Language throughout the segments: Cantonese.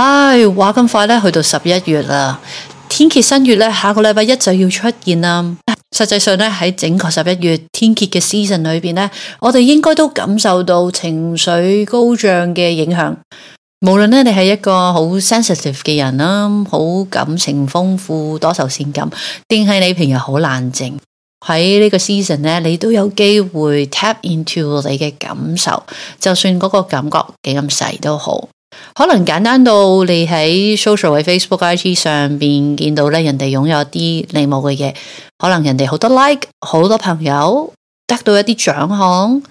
唉，話咁快咧，去到十一月啦，天蠍新月咧，下個禮拜一就要出現啦。實際上咧，喺整個十一月天蠍嘅 season 裏邊咧，我哋應該都感受到情緒高漲嘅影響。無論咧你係一個好 sensitive 嘅人啦，好感情豐富、多愁善感，定係你平日好冷靜，喺呢個 season 咧，你都有機會 tap into 你嘅感受，就算嗰個感覺幾咁細都好。可能簡單到你喺 social 嘅 Facebook、IG 上面見到呢，人哋擁有啲你冇嘅嘢，可能人哋好多 like，好多朋友得到一啲獎項，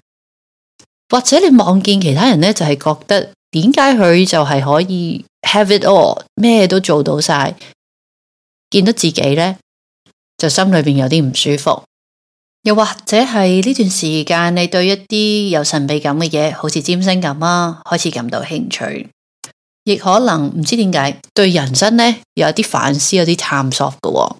或者你望見其他人呢，就係覺得點解佢就係可以 have it all，咩都做到晒，見到自己呢，就心裏面有啲唔舒服。又或者係呢段時間，你對一啲有神秘感嘅嘢，好似占星咁啊，開始感到興趣，亦可能唔知點解對人生呢，有啲反思、有啲探索嘅。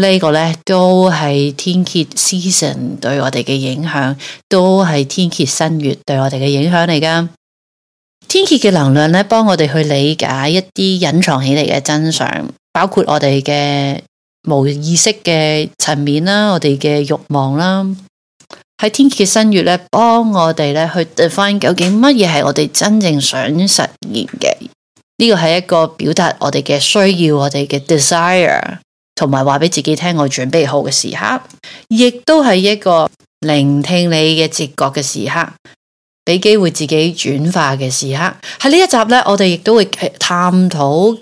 呢個呢，都係天蠍 season 對我哋嘅影響，都係天蠍新月對我哋嘅影響嚟噶。天蠍嘅能量呢，幫我哋去理解一啲隱藏起嚟嘅真相，包括我哋嘅。無意識嘅層面啦，我哋嘅欲望啦，喺天蠍嘅新月咧，幫我哋咧去 define 究竟乜嘢係我哋真正想實現嘅？呢個係一個表達我哋嘅需要，我哋嘅 desire，同埋話俾自己聽我準備好嘅時刻，亦都係一個聆聽你嘅直覺嘅時刻，俾機會自己轉化嘅時刻。喺呢一集咧，我哋亦都會探討。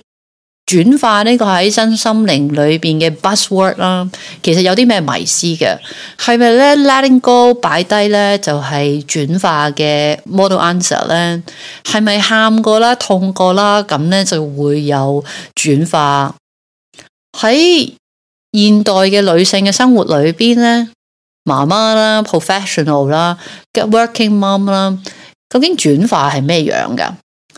轉化呢個喺新心靈裏邊嘅 bus word 啦，其實有啲咩迷思嘅？係咪咧 letting go 擺低咧就係轉化嘅 model answer 咧？係咪喊過啦，痛過啦，咁咧就會有轉化。喺現代嘅女性嘅生活裏邊咧，媽媽啦、professional 啦、g e t working mom 啦，究竟轉化係咩樣噶？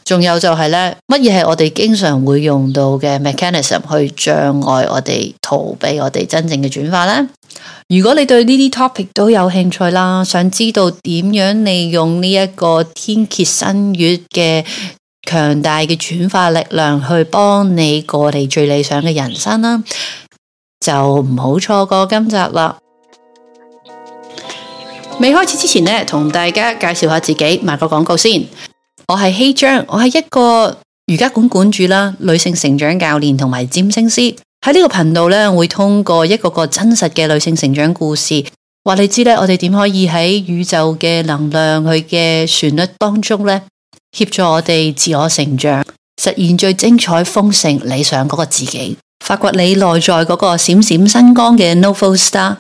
仲有就係咧，乜嘢係我哋經常會用到嘅 mechanism 去障礙我哋逃避，我哋真正嘅轉化呢？如果你對呢啲 topic 都有興趣啦，想知道點樣利用呢一個天蠍新月嘅強大嘅轉化力量去幫你過你最理想嘅人生啦，就唔好錯過今集啦。未開始之前呢，同大家介紹下自己，賣個廣告先。我係希張，我係一個瑜伽館館主啦，女性成長教練同埋占星師。喺呢個頻道呢，我會通過一個個真實嘅女性成長故事，話你知呢，我哋點可以喺宇宙嘅能量佢嘅旋律當中呢，協助我哋自我成長，實現最精彩豐盛理想嗰個自己，發掘你內在嗰個閃閃星光嘅 Novel Star。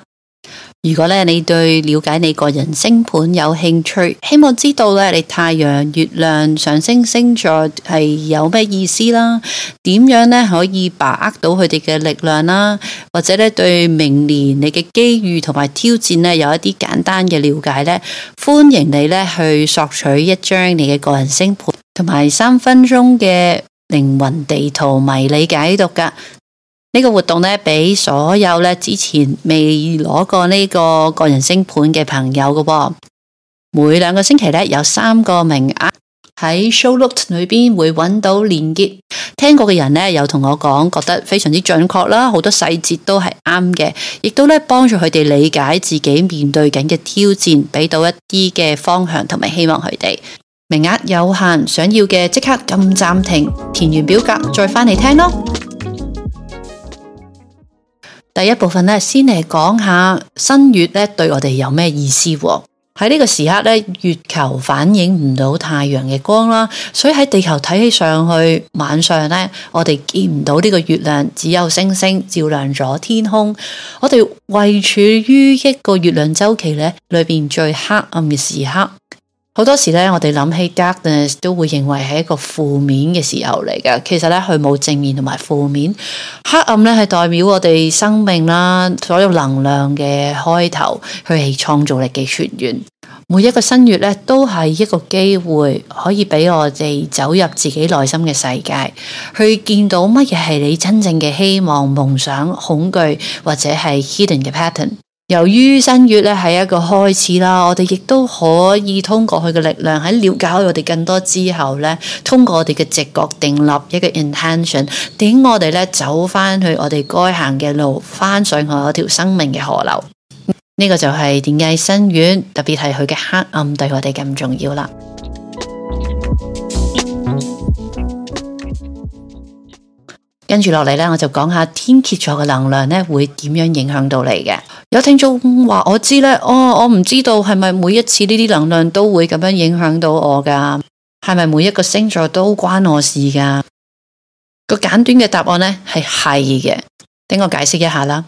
如果咧你對了解你個人星盤有興趣，希望知道咧你太陽、月亮、上升星座係有咩意思啦，點樣咧可以把握到佢哋嘅力量啦，或者咧對明年你嘅機遇同埋挑戰咧有一啲簡單嘅了解咧，歡迎你咧去索取一張你嘅個人星盤同埋三分鐘嘅靈魂地圖迷你解讀噶。呢、這個活動呢俾所有呢之前未攞過呢個個人星盤嘅朋友嘅。哦，每兩個星期呢有三個名額喺 Show Note 裏邊會揾到鏈接。聽過嘅人呢有同我講，覺得非常之準確啦，好多細節都係啱嘅，亦都咧幫助佢哋理解自己面對緊嘅挑戰，俾到一啲嘅方向同埋希望佢哋。名額有限，想要嘅即刻撳暫停，填完表格再返嚟聽咯。第一部分呢，先嚟講下新月呢，對我哋有咩意思？喺呢個時刻呢，月球反映唔到太陽嘅光啦，所以喺地球睇起上去晚上呢，我哋見唔到呢個月亮，只有星星照亮咗天空。我哋位處於一個月亮週期裏面最黑暗嘅時刻。好多時咧，我哋諗起 darkness 都會認為係一個負面嘅時候嚟噶。其實咧，佢冇正面同埋負面，黑暗咧係代表我哋生命啦，所有能量嘅開頭，佢係創造力嘅泉源。每一個新月咧，都係一個機會，可以俾我哋走入自己內心嘅世界，去見到乜嘢係你真正嘅希望、夢想、恐懼或者係 hidden 嘅 pattern。由於新月咧係一個開始啦，我哋亦都可以通過佢嘅力量喺了解我哋更多之後咧，通過我哋嘅直覺定立一個 intention，點我哋咧走翻去我哋該行嘅路，翻上去嗰條生命嘅河流。呢個就係點解新月特別係佢嘅黑暗對我哋咁重要啦。跟住落嚟咧，我就講下天蠍座嘅能量咧，會點樣影響到你嘅？有聽眾話，我知咧，哦，我唔知道係咪每一次呢啲能量都會咁樣影響到我噶？係咪每一個星座都關我事噶？個簡短嘅答案咧係係嘅，等我解釋一下啦。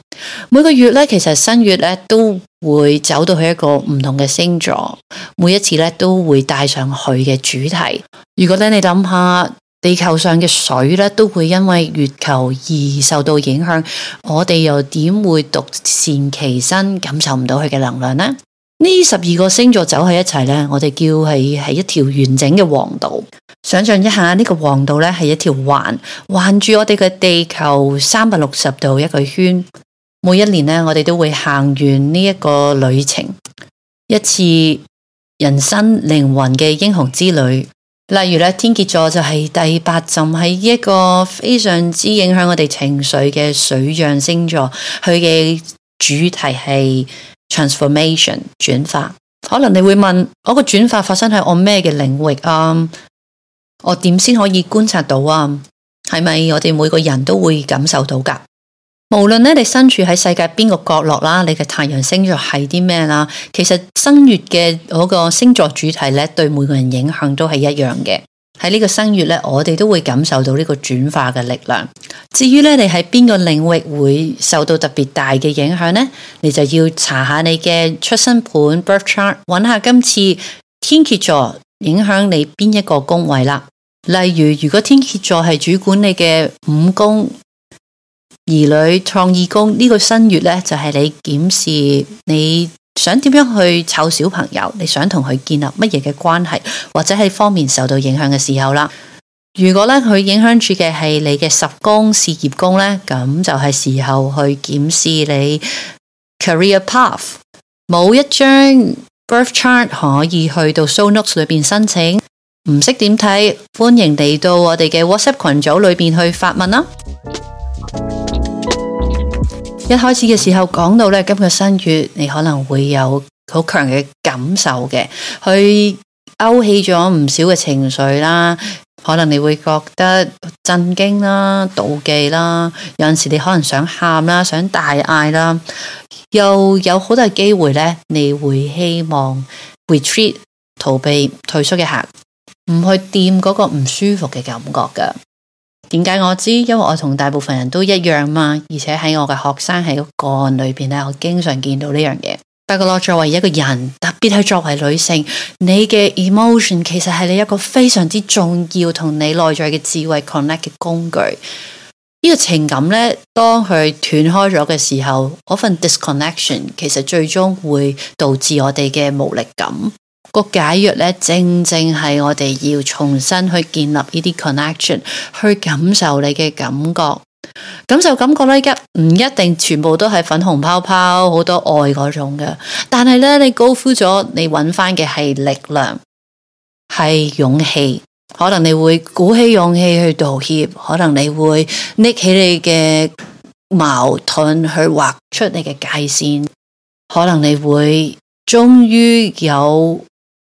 每個月咧，其實新月咧都會走到去一個唔同嘅星座，每一次咧都會帶上佢嘅主題。如果咧，你諗下。地球上嘅水呢，都會因為月球而受到影響。我哋又點會獨善其身，感受唔到佢嘅能量呢？呢十二個星座走喺一齊呢，我哋叫佢係一條完整嘅黃道。想象一下，呢、這個黃道呢，是一條環環住我哋嘅地球三百六十度一個圈。每一年呢，我哋都會行完呢一個旅程，一次人生靈魂嘅英雄之旅。例如天蠍座就係第八浸，係一個非常之影響我哋情緒嘅水象星座。佢嘅主題係 transformation 轉化。可能你會問，我個轉化發生喺我咩嘅領域啊、嗯？我點先可以觀察到啊？係咪我哋每個人都會感受到㗎？無論你身處在世界哪個角落啦，你的太陽星座是啲咩啦，其實新月的那個星座主題對每個人影響都是一樣的。在這個新月我們都會感受到這個轉化的力量。至於你在哪個領域會受到特別大的影響呢？你就要查下你的出生盤 （birth chart），揾下今次天蠍座影響你哪一個宮位啦。例如，如果天蠍座是主管你的五宮。兒女創意宮呢，這個新月呢，就係你檢視你想點樣去湊小朋友，你想同佢建立乜嘢嘅關係，或者係方面受到影響嘅時候啦。如果咧佢影響住嘅係你嘅十宮事業宮呢，咁就係時候去檢視你 career path。冇一張 birth chart 可以去到 show notes 裏邊申請，唔識點睇，歡迎嚟到我哋嘅 WhatsApp 群組裏邊去發問啦。一開始嘅時候講到呢，今個新月你可能會有好強嘅感受嘅，去勾起咗唔少嘅情緒啦，可能你會覺得震驚啦、妒忌啦，有陣時你可能想喊啦、想大嗌啦，又有好大機會呢，你會希望 retreat 逃避退縮嘅客，唔去掂嗰個唔舒服嘅感覺嘅。點解我知？因為我同大部分人都一樣嘛，而且喺我嘅學生喺個案裏邊呢，我經常見到呢樣嘢。不過，作為一個人，特別係作為女性，你嘅 emotion 其實係你一個非常之重要同你內在嘅智慧 connect 嘅工具。呢個情感呢，當佢斷開咗嘅時候，嗰份 disconnection 其實最終會導致我哋嘅無力感。個解藥咧，正正係我哋要重新去建立呢啲 connection，去感受你嘅感覺，感受感覺咧，而家唔一定全部都係粉紅泡泡，好多愛嗰種嘅。但係咧，你高呼咗，你揾翻嘅係力量，係勇氣。可能你會鼓起勇氣去道歉，可能你會拎起你嘅矛盾去畫出你嘅界線，可能你會終於有。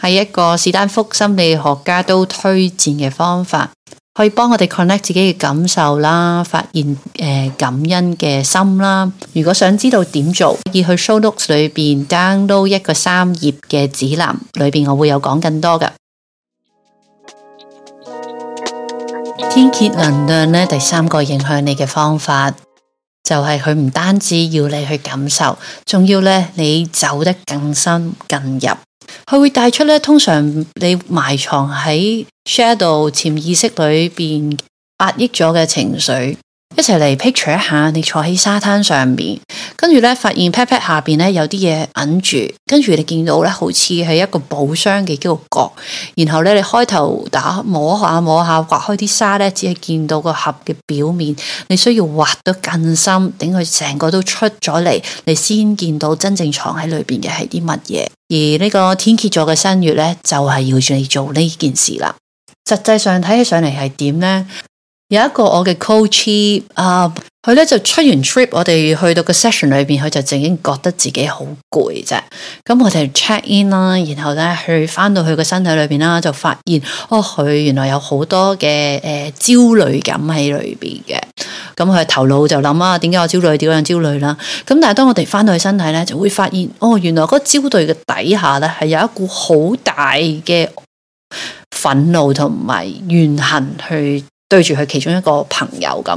係一個史丹福心理學家都推薦嘅方法，可以幫我哋 connect 自己嘅感受啦，發現、呃、感恩嘅心啦。如果想知道點做，可以去 show notes 裏面 download 一個三頁嘅指南，裏面我會有講更多的。天蠍能量呢，第三個影響你嘅方法，就係佢唔單止要你去感受，仲要呢，你走得更深、更入。佢會帶出呢，通常你埋藏喺 shadow 潛意識裏面壓抑咗嘅情緒。一齊嚟 picture 一下，你坐喺沙灘上面，跟住咧發現 pat pat 下邊咧有啲嘢揞住，跟住你見到咧好似係一個寶箱嘅呢個角，然後咧你開頭打摸下摸下，挖開啲沙咧，只係見到個盒嘅表面，你需要挖得更深，等佢成個都出咗嚟，你先見到真正藏喺裏邊嘅係啲乜嘢。而呢個天蠍座嘅新月咧，就係、是、要你做呢件事啦。實際上睇起上嚟係點呢？有一個我嘅 coach 啊，佢、呃、咧就出完 trip，我哋去到個 session 裏邊，佢就淨係覺得自己好攰啫。咁我哋 check in 啦，然後咧去翻到佢個身體裏邊啦，就發現哦，佢原來有好多嘅誒、呃、焦慮感喺裏邊嘅。咁佢頭腦就諗啊，點解我焦慮？點樣焦慮啦？咁但係當我哋翻到去身體咧，就會發現哦，原來嗰焦慮嘅底下咧，係有一股好大嘅憤怒同埋怨恨去。對住佢其中一個朋友咁，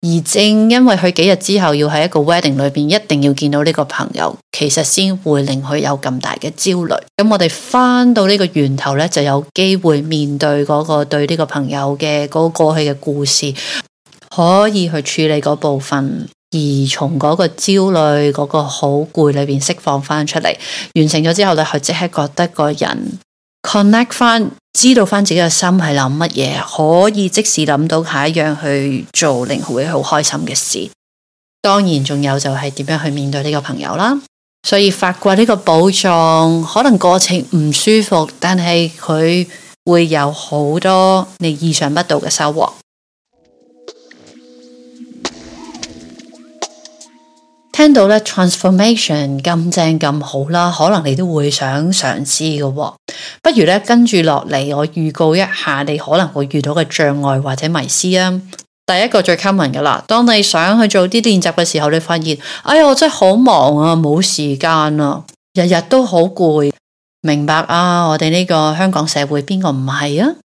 而正因為佢幾日之後要喺一個 wedding 裏邊，一定要見到呢個朋友，其實先會令佢有咁大嘅焦慮。咁我哋翻到呢個源頭呢，就有機會面對嗰個對呢個朋友嘅嗰個過去嘅故事，可以去處理嗰部分，而從嗰個焦慮嗰個好攰裏邊釋放翻出嚟。完成咗之後呢，佢即刻覺得個人 connect 翻。知道翻自己嘅心係諗乜嘢，可以即時諗到下一樣去做，令會好開心嘅事。當然，仲有就係點樣去面對呢個朋友啦。所以發掘呢個寶藏，可能過程唔舒服，但係佢會有好多你意想不到嘅收穫。聽到咧，transformation 咁正咁好啦，可能你都會想嘗試㗎喎。不如咧，跟住落嚟，我預告一下你可能會遇到嘅障礙或者迷思啊。第一個最 common 㗎喇，當你想去做啲練習嘅時候，你發現，哎呀，我真係好忙啊，冇時間啊，日日都好攰。明白啊，我哋呢個香港社會邊個唔係啊？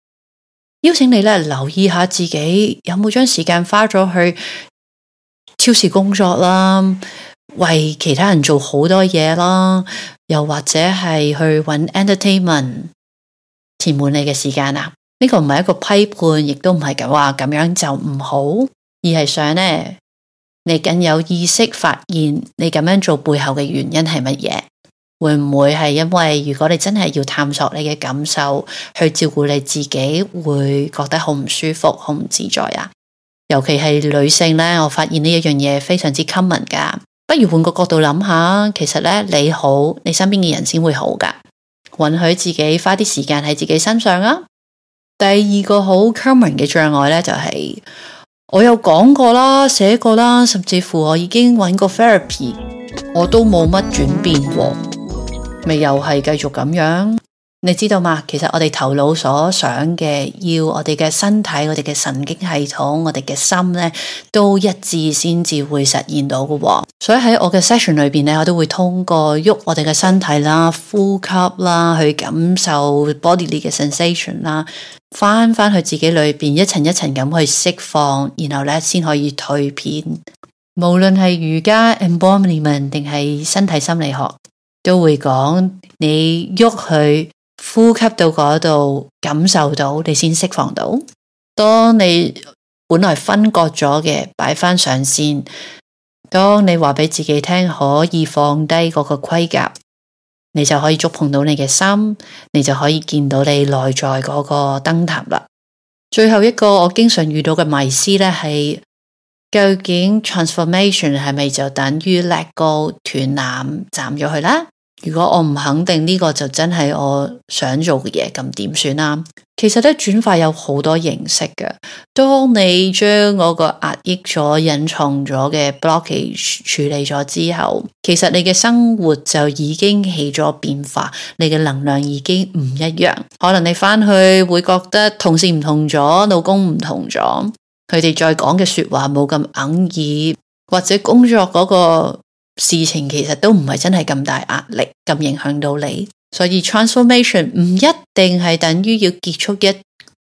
邀請你咧，留意下自己有冇將時間花咗去超市工作啦，為其他人做好多嘢啦，又或者係去揾 entertainment 填滿你嘅時間啊？呢個唔係一個批判，亦都唔係話咁樣就唔好，而係想呢，你更有意識發現你咁樣做背後嘅原因係乜嘢？會唔會係因為如果你真係要探索你嘅感受，去照顧你自己，會覺得好唔舒服、好唔自在啊？尤其係女性咧，我發現呢一樣嘢非常之 common 噶。不如換個角度諗下，其實咧你好，你身邊嘅人先會好噶。允許自己花啲時間喺自己身上啊。第二個好 common 嘅障礙咧、就是，就係我有講過啦，寫過啦，甚至乎我已經揾過 therapy，我都冇乜轉變，咪又係繼續咁樣。你知道嘛？其實我哋頭腦所想嘅，要我哋嘅身體、我哋嘅神經系統、我哋嘅心呢，都一致先至會實現到嘅。所以喺我嘅 session 裏面呢，我都會通過喐我哋嘅身體啦、呼吸啦，去感受 body 啲嘅 sensation 啦，返返去自己裏面，一層一層咁去釋放，然後呢先可以蛻變。無論係瑜伽 embodiment 定係身體心理學，都會講你喐佢。呼吸到嗰度，感受到你先釋放到。當你本來分割咗嘅擺返上線，當你話俾自己聽可以放低嗰個盔甲，你就可以觸碰到你嘅心，你就可以見到你內在嗰個燈塔啦。最後一個我經常遇到嘅迷思呢，係究竟 transformation 係咪就等於 let go 斷纜斬咗去啦？如果我唔肯定呢、這個就真係我想做嘅嘢，咁點算啦？其實呢，轉化有好多形式嘅。當你將嗰個壓抑咗、隱藏咗嘅 blockage 處理咗之後，其實你嘅生活就已經起咗變化，你嘅能量已經唔一樣。可能你返去會覺得同事唔同咗，老公唔同咗，佢哋再講嘅說話冇咁硬意，或者工作嗰、那個。事情其實都唔係真係咁大壓力，咁影響到你。所以 transformation 唔一定係等於要結束一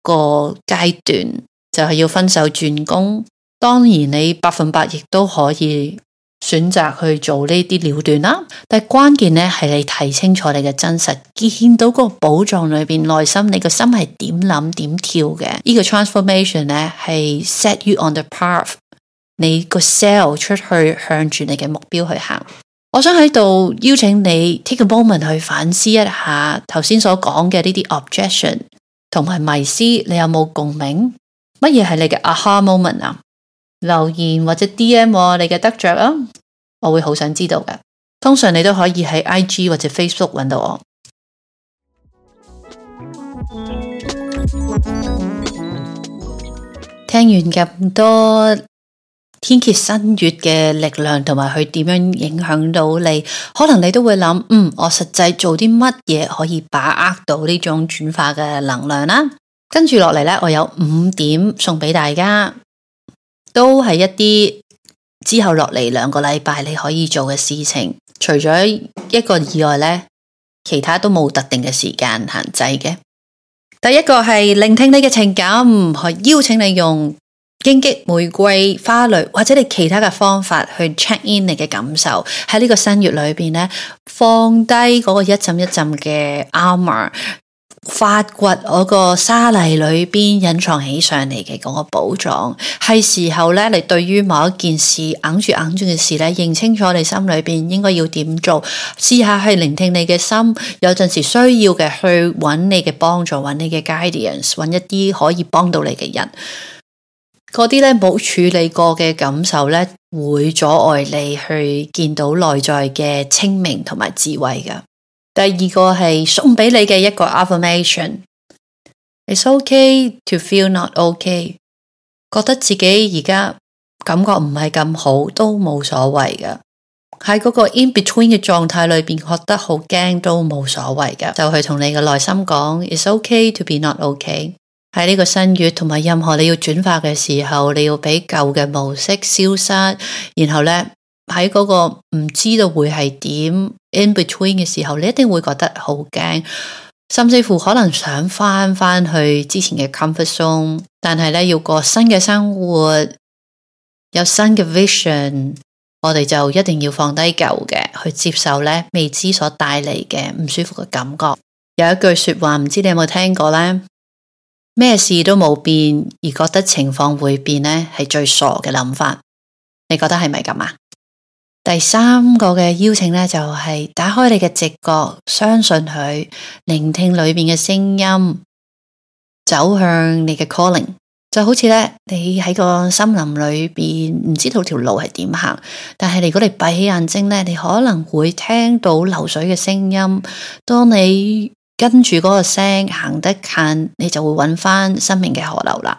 個階段，就係要分手轉工。當然你百分百亦都可以選擇去做呢啲了斷啦。但關鍵呢係你睇清，清楚你嘅真實，見到個寶藏裏面內心你個心係點諗點跳嘅。呢、這個 transformation 呢，係 set you on the path。你個 sell 出去，向住你嘅目標去行。我想喺度邀請你 take a moment 去反思一下頭先所講嘅呢啲 objection 同埋迷思，你有冇共鳴？乜嘢係你嘅 aha moment 啊？留言或者 DM 我你嘅得着啊，我會好想知道嘅。通常你都可以喺 IG 或者 Facebook 搵到我。聽完咁多。天蠍新月嘅力量同埋佢點樣影響到你，可能你都會諗，嗯，我實際做啲乜嘢，可以把握到呢種轉化嘅能量啦。跟住落嚟呢，我有五點送俾大家，都係一啲之後落嚟兩個禮拜你可以做嘅事情。除咗一個以外呢，其他都冇特定嘅時間限制嘅。第一個係聆聽你嘅情感，去邀請你用。荊棘玫瑰花冧，或者你其他嘅方法去 check in 你嘅感受。喺呢個新月裏邊呢，放低嗰個一浸一浸嘅 armor，發掘嗰個沙泥裏邊隱藏起上嚟嘅嗰個寶藏。係時候呢，你對於某一件事硬住硬住嘅事呢，認清楚你心裏邊應該要點做。試下去聆聽你嘅心，有陣時需要嘅去揾你嘅幫助，揾你嘅 guidance，揾一啲可以幫到你嘅人。嗰啲呢冇處理過嘅感受呢，會阻礙你去見到內在嘅清明同埋智慧㗎。第二個係送俾你嘅一個 affirmation，It's okay to feel not okay，覺得自己而家感覺唔係咁好都冇所謂㗎。喺嗰個 in between 嘅狀態裡面，覺得好驚都冇所謂㗎。就去同你嘅內心講，It's okay to be not okay。喺呢個新月同埋任何你要轉化嘅時候，你要俾舊嘅模式消失，然後呢，喺嗰個唔知道會係點 in between 嘅時候，你一定會覺得好驚，甚至乎可能想返返去之前嘅 comfort zone，但係呢，要過新嘅生活，有新嘅 vision，我哋就一定要放低舊嘅去接受呢未知所帶嚟嘅唔舒服嘅感覺。有一句說話，唔知你有冇聽過呢？咩事都冇變而覺得情況會變呢，係最傻嘅諗法。你覺得係咪咁啊？第三個嘅邀請呢，就係打開你嘅直覺，相信佢，聆聽裏面嘅聲音，走向你嘅 calling。就好似呢，你喺個森林裏面，唔知道條路係點行，但係如果你閉起眼睛呢，你可能會聽到流水嘅聲音。當你跟住嗰個聲行得近，你就會揾翻生命嘅河流啦。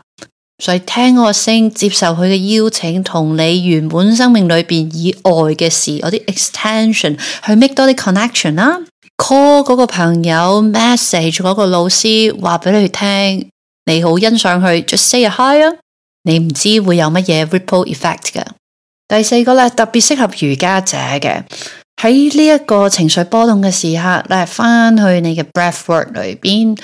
所以聽嗰個聲，接受佢嘅邀請，同你原本生命裏邊以外嘅事，嗰啲 extension 去 make 多啲 connection 啦。call 嗰個朋友，message 嗰個老師，話俾你去聽。你好欣賞佢，just say a hi 啊。你唔知會有乜嘢 ripple effect 嘅。第四個咧特別適合瑜伽者嘅。喺呢一個情緒波動嘅時刻，咧翻去你嘅 breath work 裏邊，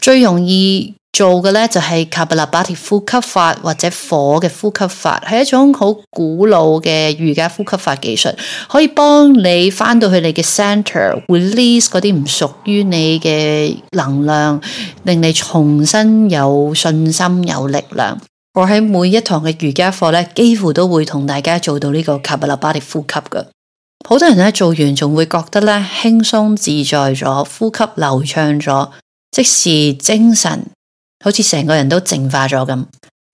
最容易做嘅呢，就係 kapalabhati 呼吸法或者火嘅呼吸法，係一種好古老嘅瑜伽呼吸法技術，可以幫你翻到去你嘅 center，release 嗰啲唔屬於你嘅能量，令你重新有信心有力量。我喺每一堂嘅瑜伽課呢，幾乎都會同大家做到呢個 kapalabhati 呼吸嘅。好多人做完仲會覺得輕鬆自在咗，呼吸流暢咗，即時精神好似成個人都淨化咗咁。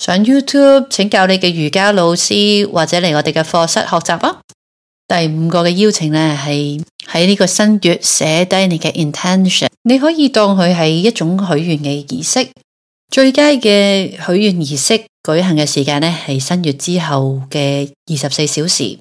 上 YouTube 請教你嘅瑜伽老師，或者嚟我哋嘅課室學習囉。第五個嘅邀請呢，係喺呢個新月寫低你嘅 intention，你可以當佢係一種許願嘅儀式。最佳嘅許願儀式舉行嘅時間呢，係新月之後嘅二十四小時。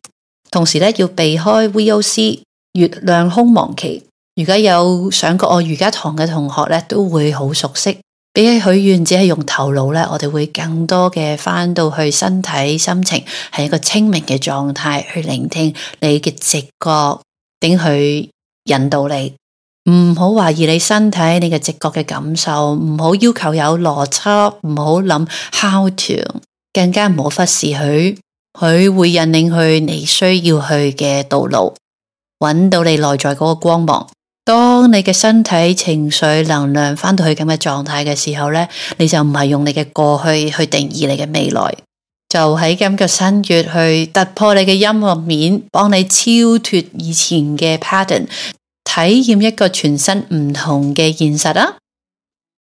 同時要避開 VOC 月亮空亡期。如果有上過我瑜伽堂嘅同學呢，都會好熟悉。比起許願，只係用頭腦呢，我哋會更多嘅翻到去身體、心情，係一個清明嘅狀態去聆聽你嘅直覺，頂佢引導你。唔好懷疑你身體，你嘅直覺嘅感受，唔好要求有邏輯，唔好諗 how to，更加唔好忽視佢。佢會引領去你需要去嘅道路，揾到你內在嗰個光芒。當你嘅身體、情緒、能量翻到去咁嘅狀態嘅時候，你就唔係用你嘅過去去定義你嘅未來。就喺今個新月去突破你嘅陰暗面，幫你超脫以前嘅 pattern，體驗一個全新唔同嘅現實啊！